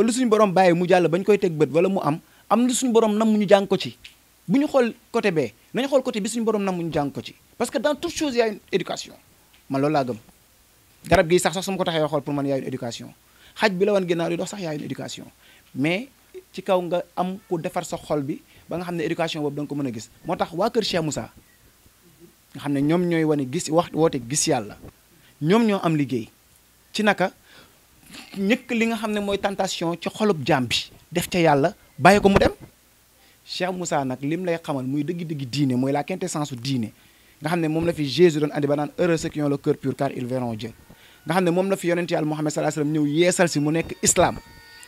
kon lu suñu borom bàyyi mu jàll bañ koy teg bët wala mu am am lu suñ borom nam mu ñu jàng ko ci bu ñu xool côté bee nañu xool côté bi suñu borom nam mu ñu jàng ko ci parce que dans toute chose y a laa gëm garab gi sax sax su ma ko taxee xool pour man y a une éducation la wan ginnaaw di dox a une éducation mais ci kaw nga am ku defar sa xol bi ba nga xam ne éducation boobu da nga ko mën a gis moo tax waa kër Cheikh Moussa nga xam ne ñoom ñooy wane gis wax woote gis yàlla ñoom ñoo am liggéey ci naka ñëkk li nga xam ne mooy tentation ci xolub jaam bi def ca yàlla bàyyi ko mu dem Cheikh Moussa nag lim lay xamal muy dëgg-dëgg diine mooy la quintessence diine nga xam ne moom la fi Jésus doon andi ba naan heureux ceux qui ont le cœur pur car ils verront Dieu nga xam ne moom la fi yonent yàlla Muhammad sallallahu alayhi wasallam ñëw yeesal si mu nekk islam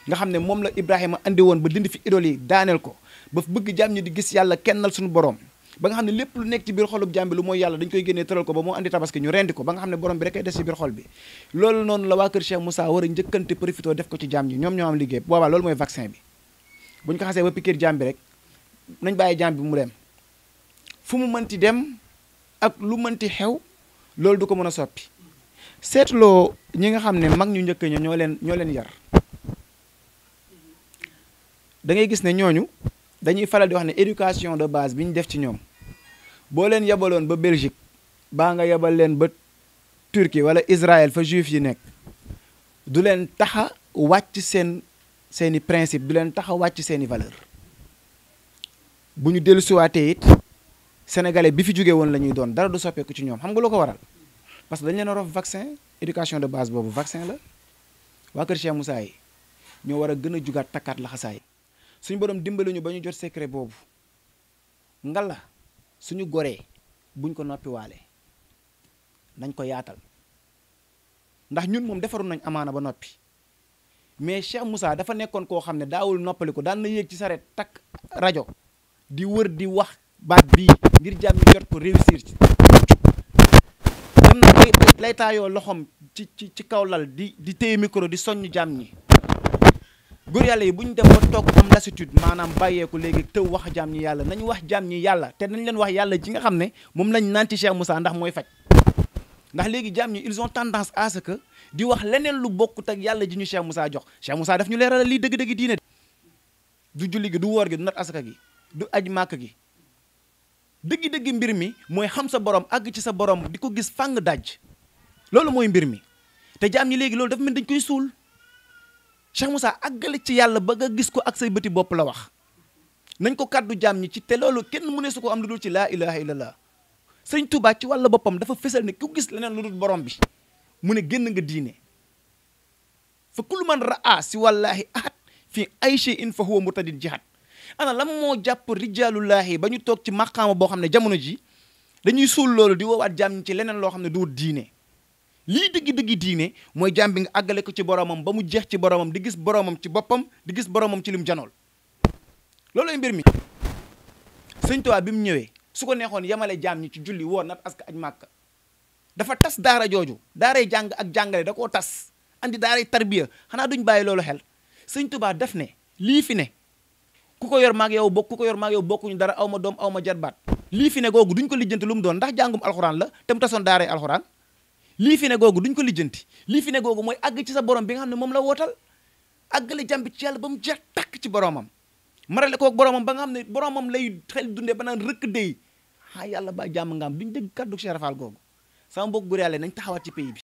nga xam ne moom la Ibrahima indi woon ba dindi fi idole yi daaneel ko ba bëgg jaam ñi di gis yàlla kennal suñu borom ba nga xam ne lépp lu nekk ci biir xolub jàmbi lu mooy yàlla dañ koy génnee tëral ko ba moo andi tabaski ñu rendi ko ba nga xam ne borom bi rek ay des ci biir xol bi loolu noonu la waa kër Cheikh Moussa war a njëkkante profité def ko ci am liggéey boobaa loolu mooy vaccin ko xasee ba piqûre jàmbi rek nañ bàyyi jàmbi mu dem fu mu mënti dem ak lu mënti xew loolu du ko mën a soppi seetloo ñi nga xam ne mag ñu njëkk ña ñoo leen ñoo leen yar da ngay gis ne ñooñu dañuy falal di wax ne éducation de base bi ñu def ci ñoom boo leen yebaloon ba Belgique baa nga yebal leen ba Turquie wala Israël fa juif yi nekk du leen taxa wàcc seen seeni principe du leen taxa wàcc seeni valeur bu ñu dellusiwaatee it sénégalais bi fi jóge woon la ñuy doon dara du soppeeku ci ñoom xam nga loo ko waral parce que dañ leen a rof vaccin éducation de base boobu vaccin la waa Kër Cheikh Moussa ñoo war a gën a jugaat takkaat laxasaay suñu boroom dimbali ñu ba ñu jot secret boobu ngala suñu goree buñ ko noppiwaale nañ ko yaatal ndax ñun moom defaru nañ amaana ba noppi mais Cheikh Moussa dafa nekkoon koo xam ne daawul noppali ko daan na yéeg ci saret takk rajo di wër di wax baat bii ngir jàmm ñu jot ko réussir ci dem na lay taayoo loxoom ci ci ci kaw lal di di téye micro di soññ jàmm ñi góor yàlla yi bu ñu dem ba toog am lassitude maanaam bàyyeeku léegi tëw wax jaam ñi yàlla nañu wax jaam ñi yàlla te nañ leen wax yàlla ji nga xam ne moom lañ nanti Cheikh musa ndax mooy faj ndax léegi jaam ñi ils son tendance à que di wax leneen lu bokkut ak yàlla ji ñu Cheikh Moussa jox Cheikh Moussa def ñu leeral lii dëgg-dëgg diine du julli gi du woor gi du nat asaka gi du aj màkk gi dëgg-dëgg mbir mi mooy xam sa borom àgg ci sa borom di ko gis fàng daj loolu mooy mbir mi te jaam ñi Cheikh Moussa àggale ci yàlla ba nga gis ko ak say bëti bopp la wax nañ ko kàddu jaam ñi ci te loolu kenn mu ne su ko am lu dul ci laa ilaha illallah sëñ tubaat ci wàlla boppam dafa fësal ne ku gis leneen lu dul borom bi mu ne génn nga diine fa kullu man raa si wallaahi ahad fii ay shay'in fa huwa murtadin jihad ana lan moo jàpp rijaalullaahi ba ñu toog ci maqaama boo xam ne jamono ji dañuy suul loolu di woowaat jaam ñi ci leneen loo xam ne du diin lii dëgg-dëgg diine mooy jaam bi nga àggale ko ci boromam ba mu jeex ci boromam di gis boromam ci boppam di gis boromam ci lim janool loolooy mbir mi sëñ Tuubaa bi mu ñëwee su ko neexoon yemale jaam ñi ci julli woor nag aska aj màkka dafa tas daara jooju daaray jàng ak jàngale da koo tas andi daaray tarbiya xanaa duñ bàyyi loolu xel sëñ Tuubaa def ne lii fi ne ku ko yor maag yow bokk ku ko yor maag yow bokkuñu dara aw ma doom aw ma jarbaat lii fi ne googu duñ ko lijjanti lu mu doon ndax jàngum alxuraan la te mu tasoon alxuraan lii fi ne googu duñ ko lijjanti lii fi ne googu mooy àgg ci sa borom bi nga xam ne moom la wootal àggale jàmbi ci yàlla ba mu jeex takk ci boromam marale ko ak boromam ba nga xam ne boromam lay xel dundee ba naan rëkk dey ah yàlla ba jàmm nga am duñ dégg kàddu Cheikh Rafal googu sama mbokk góor yàlla nañ taxawaat ci pays bi